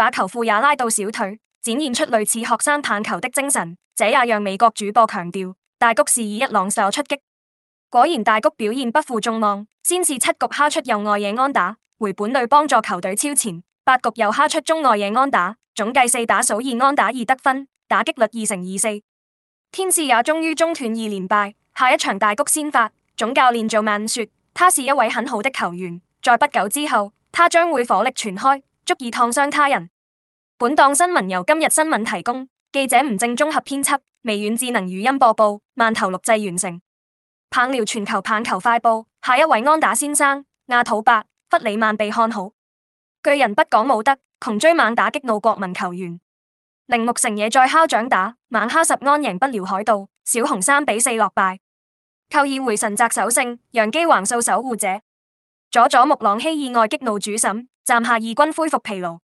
把球褲也拉到小腿，展現出類似學生棒球的精神。這也讓美國主播強調，大谷是以一朗手出擊。果然，大谷表現不負眾望，先是七局敲出右外野安打，回本壘幫助球隊超前。八局又敲出中外野安打，總計四打數二安打二得分，打擊率二成二四。天使也終於中斷二連敗，下一場大谷先發。總教練做曼說，他是一位很好的球員，在不久之後，他將會火力全開。足以燙傷他人。本檔新聞由今日新聞提供，記者吳正綜合編輯，微軟智能語音播報，慢頭錄製完成。棒聊，全球棒球快報，下一位安打先生，亞土伯弗里曼被看好。巨人不講武德，窮追猛打激怒國民球員。鈴木成野再敲掌打，猛敲十安贏不了海盜。小紅三比四落敗。扣二回神摘首勝，楊基橫掃守護者。佐佐木朗希意外激怒主審。暫下二軍恢復疲勞。